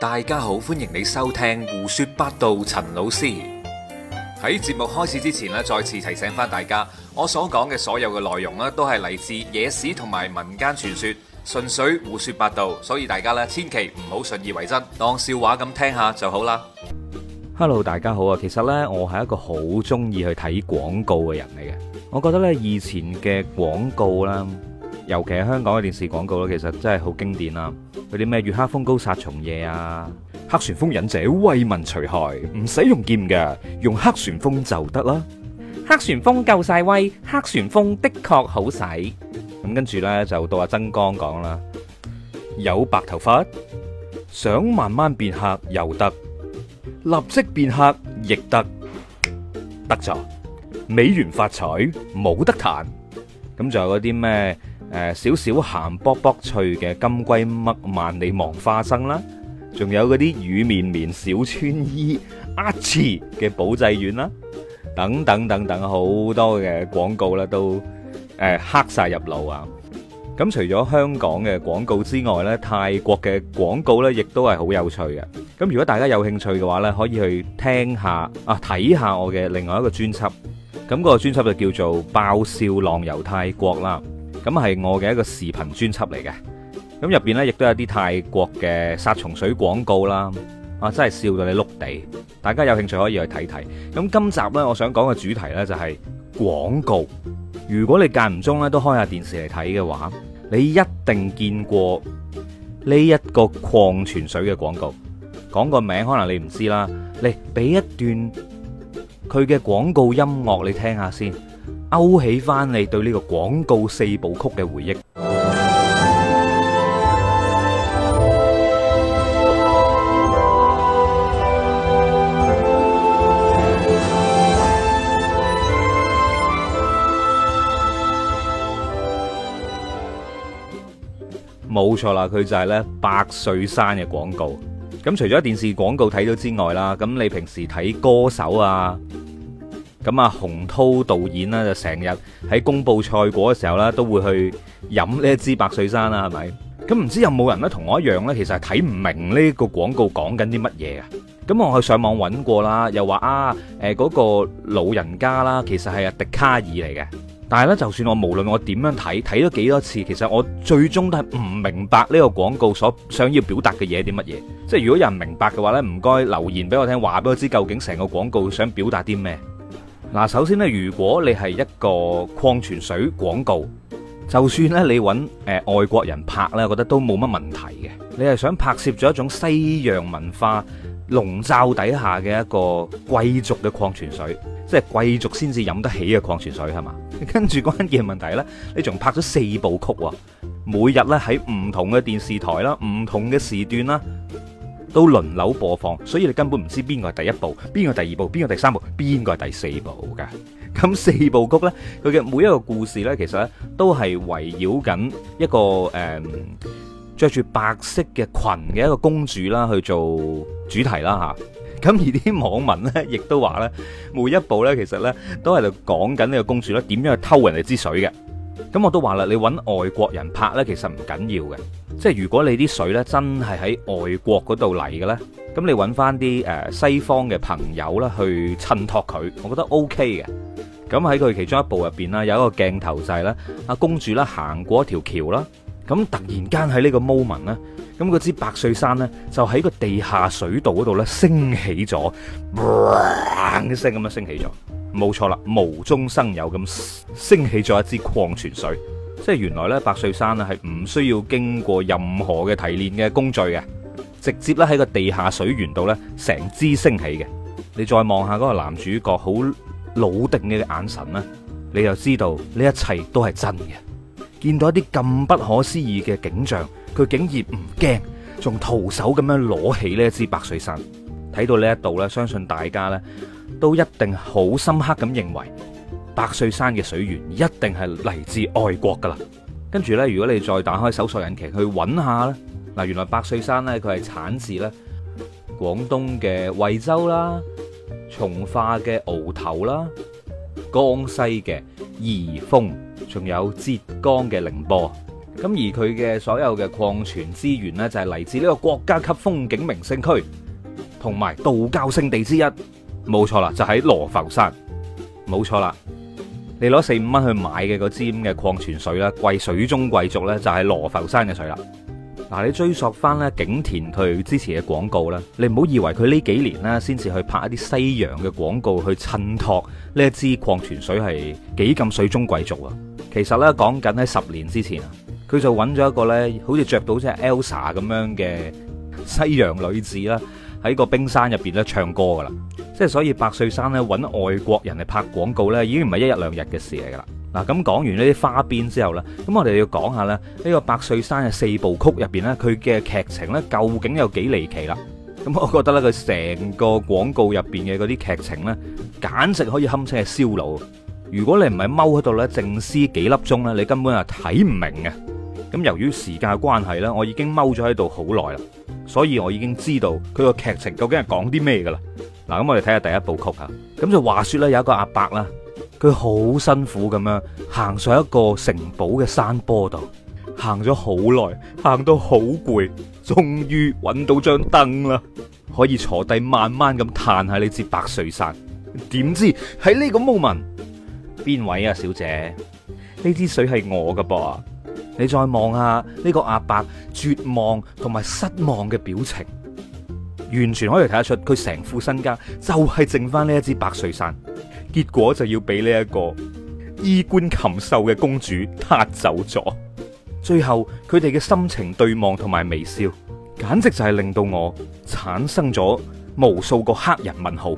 大家好，歡迎你收聽胡說八道。陳老師喺節目開始之前呢，再次提醒翻大家，我所講嘅所有嘅內容呢都係嚟自野史同埋民間傳說，純粹胡說八道，所以大家呢千祈唔好信以為真，當笑話咁聽下就好啦。Hello，大家好啊！其實呢，我係一個好中意去睇廣告嘅人嚟嘅，我覺得呢，以前嘅廣告啦。尤其係香港嘅電視廣告咯，其實真係好經典啦。嗰啲咩月黑風高殺蟲夜啊，黑旋風忍者為民除害，唔使用劍嘅，用黑旋風就得啦。黑旋風夠曬威，黑旋風的確好使。咁跟住咧就到阿曾江講啦。有白頭髮，想慢慢變黑又得，立即變黑亦得。得咗，美源髮彩冇得彈。咁仲有嗰啲咩？誒，少少鹹卜卜脆嘅金龜嘜、萬里望花生啦，仲有嗰啲雨綿綿少穿衣阿芝嘅保濟丸啦，等等等等，好多嘅廣告咧都誒黑晒入腦啊！咁除咗香港嘅廣告之外咧，泰國嘅廣告咧亦都係好有趣嘅。咁如果大家有興趣嘅話咧，可以去聽下啊，睇下我嘅另外一個專輯。咁個專輯就叫做《爆笑浪遊泰國》啦。咁係我嘅一個視頻專輯嚟嘅，咁入邊呢，亦都有啲泰國嘅殺蟲水廣告啦，啊真係笑到你碌地！大家有興趣可以去睇睇。咁今集呢，我想講嘅主題呢，就係廣告。如果你間唔中呢都開下電視嚟睇嘅話，你一定見過呢一個礦泉水嘅廣告。講個名可能你唔知啦，你俾一段佢嘅廣告音樂你聽下先。勾起翻你對呢個廣告四部曲嘅回憶。冇錯啦，佢就係呢百歲山嘅廣告。咁除咗電視廣告睇到之外啦，咁你平時睇歌手啊？咁啊，洪濤導演啦，就成日喺公布賽果嘅時候啦，都會去飲呢一支百歲山啦，係咪？咁唔知有冇人咧同我一樣咧，其實係睇唔明呢個廣告講緊啲乜嘢啊？咁我去上網揾過啦，又話啊，誒嗰個老人家啦，其實係阿笛卡爾嚟嘅。但係咧，就算我無論我點樣睇，睇咗幾多次，其實我最終都係唔明白呢個廣告所想要表達嘅嘢啲乜嘢。即係如果有人明白嘅話咧，唔該留言俾我聽，話俾我知究竟成個廣告想表達啲咩。嗱，首先咧，如果你係一個礦泉水廣告，就算咧你搵、呃、外國人拍呢，我覺得都冇乜問題嘅。你係想拍攝咗一種西洋文化籠罩底下嘅一個貴族嘅礦泉水，即係貴族先至飲得起嘅礦泉水係嘛？跟住關鍵問題呢，你仲拍咗四部曲喎，每日咧喺唔同嘅電視台啦、唔同嘅時段啦。都輪流播放，所以你根本唔知邊個係第一部，邊個第二部，邊個第三部，邊個係第四部嘅。咁四部曲呢，佢嘅每一個故事呢，其實呢都係圍繞緊一個誒着住白色嘅裙嘅一個公主啦去做主題啦吓。咁而啲網民呢，亦都話呢，每一部呢，其實呢，都喺度講緊呢個公主呢點樣去偷人哋支水嘅。咁我都話啦，你揾外國人拍呢其實唔緊要嘅。即係如果你啲水呢真係喺外國嗰度嚟嘅呢，咁你揾翻啲誒西方嘅朋友呢去襯托佢，我覺得 O K 嘅。咁喺佢其中一部入邊啦，有一個鏡頭就係呢，阿公主啦行過一條橋啦，咁突然間喺呢個 moment 呢，咁嗰支百歲山呢就喺個地下水道嗰度呢升起咗，一聲咁樣升起咗。冇錯啦，無中生有咁升起咗一支礦泉水，即係原來咧百歲山咧係唔需要經過任何嘅提煉嘅工序嘅，直接咧喺個地下水源度咧成支升起嘅。你再望下嗰個男主角好老定嘅眼神咧，你就知道呢一切都係真嘅。見到一啲咁不可思議嘅景象，佢竟然唔驚，仲徒手咁樣攞起呢一支百歲山。睇到呢一度咧，相信大家咧。都一定好深刻咁認為，百歲山嘅水源一定係嚟自外國噶啦。跟住咧，如果你再打開搜索引擎去搵下咧，嗱，原來百歲山咧，佢係產自咧廣東嘅惠州啦、從化嘅鰲頭啦、江西嘅宜豐，仲有浙江嘅寧波。咁而佢嘅所有嘅礦泉資源咧，就係嚟自呢個國家級風景名勝區同埋道教聖地之一。冇錯啦，就喺羅浮山。冇錯啦，你攞四五蚊去買嘅嗰支咁嘅礦泉水咧，貴水中貴族咧就係羅浮山嘅水啦。嗱，你追溯翻咧景田佢之前嘅廣告咧，你唔好以為佢呢幾年咧先至去拍一啲西洋嘅廣告去襯托呢一支礦泉水係幾咁水中貴族啊。其實咧講緊喺十年之前啊，佢就揾咗一個咧好似着到即係 Elsa 咁樣嘅西洋女子啦，喺個冰山入邊咧唱歌噶啦。即係所以百歲山咧揾外國人嚟拍廣告咧，已經唔係一日兩日嘅事嚟噶啦。嗱咁講完呢啲花邊之後咧，咁我哋要講下咧呢個百歲山嘅四部曲入邊咧，佢嘅劇情咧究竟有幾離奇啦？咁我覺得咧，佢成個廣告入邊嘅嗰啲劇情咧，簡直可以堪稱係燒腦。如果你唔係踎喺度咧靜思幾粒鐘咧，你根本係睇唔明嘅。咁由於時間嘅關係咧，我已經踎咗喺度好耐啦，所以我已經知道佢個劇情究竟係講啲咩噶啦。嗱，咁我哋睇下第一部曲啊，咁就話說咧，有一個阿伯啦，佢好辛苦咁樣行上一個城堡嘅山坡度，行咗好耐，行到好攰，終於揾到張凳啦，可以坐低慢慢咁嘆下呢支百歲山。點知喺呢個 moment，邊位啊小姐？呢支水係我噶噃，你再望下呢個阿伯絕望同埋失望嘅表情。完全可以睇得出，佢成副身家就係剩翻呢一支百歲山，結果就要俾呢一個衣冠禽獸嘅公主撻走咗。最後佢哋嘅心情對望同埋微笑，簡直就係令到我產生咗無數個黑人問號。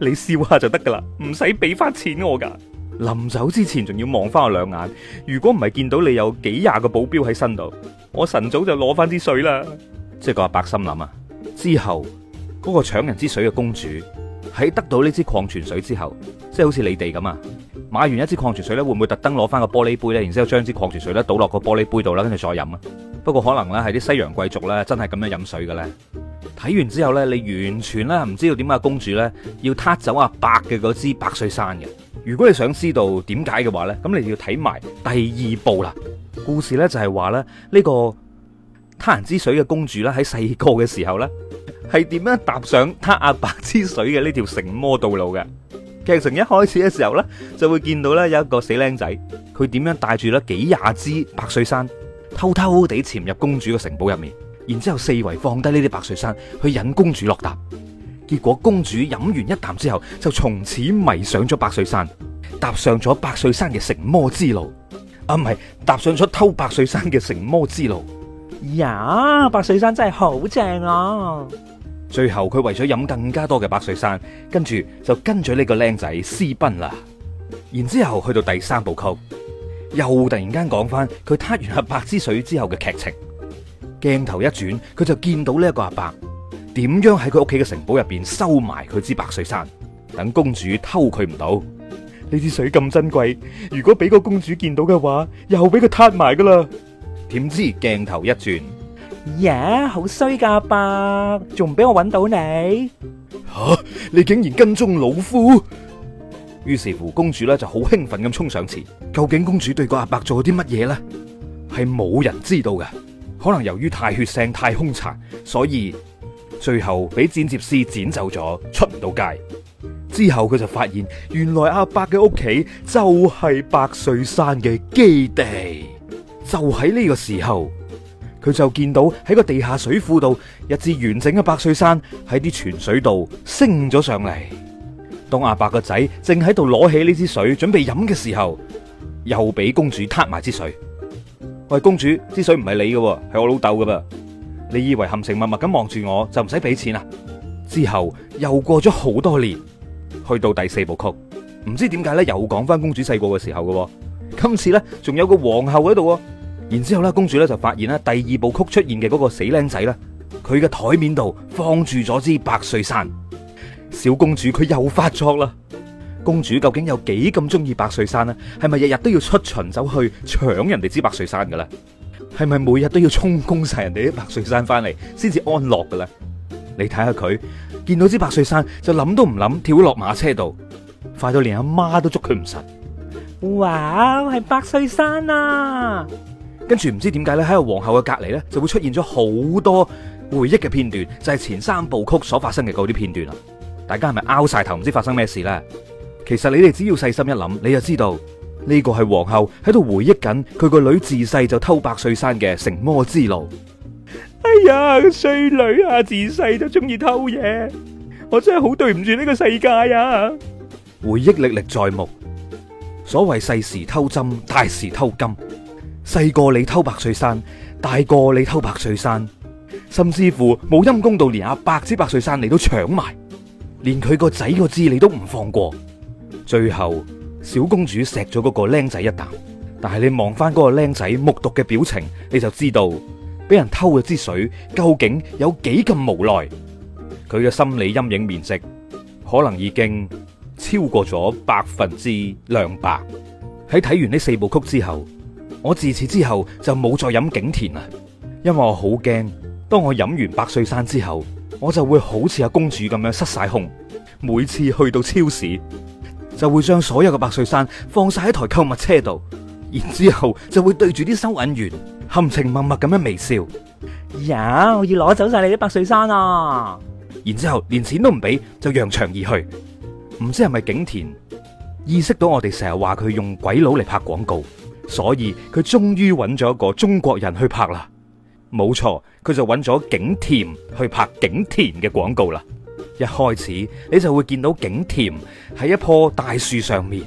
你笑下就得噶啦，唔使俾翻錢我噶。臨走之前仲要望翻我兩眼，如果唔係見到你有幾廿個保鏢喺身度，我晨早就攞翻啲水啦。即係個阿伯心諗啊！之後嗰個搶人之水嘅公主喺得到呢支礦泉水之後，即係好似你哋咁啊，買完一支礦泉水呢會唔會特登攞翻個玻璃杯呢？然之後將支礦泉水呢倒落個玻璃杯度啦，跟住再飲啊？不過可能呢係啲西洋貴族呢，真係咁樣飲水嘅咧。睇完之後呢，你完全呢唔知道點解公主呢要撻走阿伯嘅嗰支百歲山嘅。如果你想知道點解嘅話呢，咁你要睇埋第二部啦。故事呢就係話呢呢個。他人之水嘅公主啦，喺細個嘅時候咧，係點樣踏上他阿伯之水嘅呢條成魔道路嘅？劇情一開始嘅時候咧，就會見到咧有一個死僆仔，佢點樣帶住咧幾廿支百歲山，偷偷地潛入公主嘅城堡入面，然之後四圍放低呢啲百歲山去引公主落搭，結果公主飲完一啖之後，就從此迷上咗百歲山，踏上咗百歲山嘅成魔之路。啊，唔係踏上咗偷百歲山嘅成魔之路。呀，yeah, 白水山真係好正啊！最後佢為咗飲更加多嘅白水山，跟住就跟住呢個靚仔私奔啦。然之後去到第三部曲，又突然間講翻佢撻完阿伯之水之後嘅劇情。鏡頭一轉，佢就見到呢一個阿伯點樣喺佢屋企嘅城堡入邊收埋佢支白水山，等公主偷佢唔到。呢支水咁珍貴，如果俾個公主見到嘅話，又俾佢撻埋噶啦。點知鏡頭一轉，耶！好衰噶伯，仲唔俾我揾到你吓、啊！你竟然跟蹤老夫，於是乎公主咧就好興奮咁衝上前。究竟公主對個阿伯，伯做咗啲乜嘢呢？係冇人知道嘅。可能由於太血腥，太兇殘，所以最後俾剪接師剪走咗，出唔到街。之後佢就發現，原來阿伯嘅屋企就係百歲山嘅基地。就喺呢個時候，佢就見到喺個地下水庫度，一支完整嘅百歲山喺啲泉水度升咗上嚟。當阿伯個仔正喺度攞起呢支水準備飲嘅時候，又俾公主撻埋支水。喂，公主，支水唔係你嘅，係我老豆嘅噃。你以為含情脈脈咁望住我，就唔使俾錢啦？之後又過咗好多年，去到第四部曲，唔知點解咧，又講返公主細個嘅時候嘅。今次咧，仲有個皇后喺度。然之後咧，公主咧就發現第二部曲出現嘅嗰個死僆仔啦，佢嘅台面度放住咗支百歲山。小公主佢又發作啦。公主究竟有幾咁中意百歲山咧？係咪日日都要出巡走去搶人哋支百歲山嘅咧？係咪每日都要衝攻晒人哋啲百歲山翻嚟先至安樂嘅咧？你睇下佢見到支百歲山就諗都唔諗跳落馬車度，快到連阿媽都捉佢唔實。哇，係百歲山啊！跟住唔知點解咧，喺個皇后嘅隔籬咧，就會出現咗好多回憶嘅片段，就係前三部曲所發生嘅嗰啲片段啦。大家係咪拗晒頭，唔知發生咩事咧？其實你哋只要細心一諗，你就知道呢個係皇后喺度回憶緊佢個女自細就偷百歲山嘅成魔之路。哎呀，個衰女啊，自細就中意偷嘢，我真係好對唔住呢個世界啊！回憶歷歷在目。所謂細時偷針，大時偷金。細個你偷百歲山，大個你偷百歲山，甚至乎冇陰功到連阿伯支百歲山你都搶埋，連佢個仔個知你都唔放過。最後小公主錫咗嗰個僆仔一啖，但係你望翻嗰個僆仔目睹嘅表情，你就知道俾人偷咗支水，究竟有幾咁無奈。佢嘅心理陰影面積可能已經超過咗百分之兩百。喺睇完呢四部曲之後，我自此之後就冇再飲景田啦。因為我好驚，當我飲完百歲山之後，我就會好似阿公主咁樣失晒控。每次去到超市，就會將所有嘅百歲山放晒喺台購物車度，然之後就會對住啲收銀員含情脈脈咁樣微笑。呀，我要攞走晒你啲百歲山啊！然之後連錢都唔俾，就揚長而去。唔知係咪景田意識到我哋成日話佢用鬼佬嚟拍廣告，所以佢終於揾咗一個中國人去拍啦。冇錯，佢就揾咗景田去拍景田嘅廣告啦。一開始你就會見到景田喺一棵大樹上面，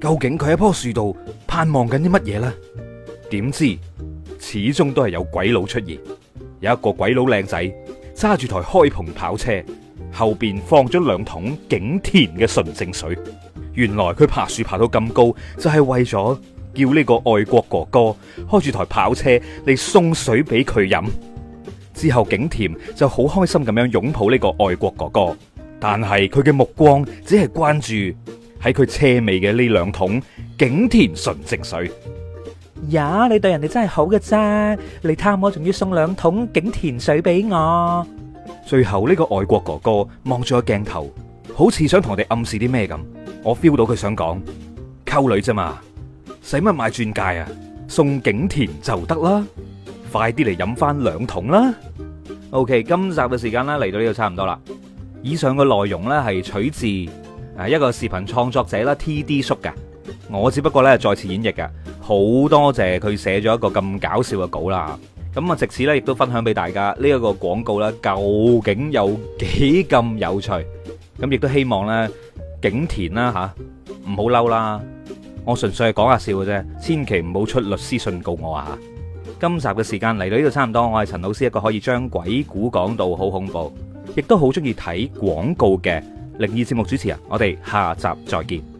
究竟佢喺棵樹度盼望緊啲乜嘢呢？點知始終都係有鬼佬出現，有一個鬼佬靚仔揸住台開篷跑車。後邊放咗兩桶景田嘅純淨水，原來佢爬樹爬到咁高，就係為咗叫呢個愛國哥哥開住台跑車嚟送水俾佢飲。之後景田就好開心咁樣擁抱呢個愛國哥哥，但係佢嘅目光只係關注喺佢車尾嘅呢兩桶景田純淨水。呀，你對人哋真係好嘅啫，嚟探我仲要送兩桶景田水俾我。最後呢個外國哥哥望住個鏡頭，好似想同我哋暗示啲咩咁，我 feel 到佢想講，溝女咋嘛，使乜買鑽戒啊？送景田就得啦，快啲嚟飲翻兩桶啦。OK，今集嘅時間啦，嚟到呢度差唔多啦。以上嘅內容呢，係取自啊一個視頻創作者啦，TD 叔噶，我只不過呢再次演繹噶，好多謝佢寫咗一個咁搞笑嘅稿啦。咁啊！直至咧，亦都分享俾大家呢一個廣告啦，究竟有幾咁有趣？咁亦都希望咧景田啦吓，唔好嬲啦。我純粹係講下笑嘅啫，千祈唔好出律師信告我啊！吓，今集嘅時間嚟到呢度差唔多，我係陳老師一個可以將鬼故講到好恐怖，亦都好中意睇廣告嘅靈異節目主持人。我哋下集再見。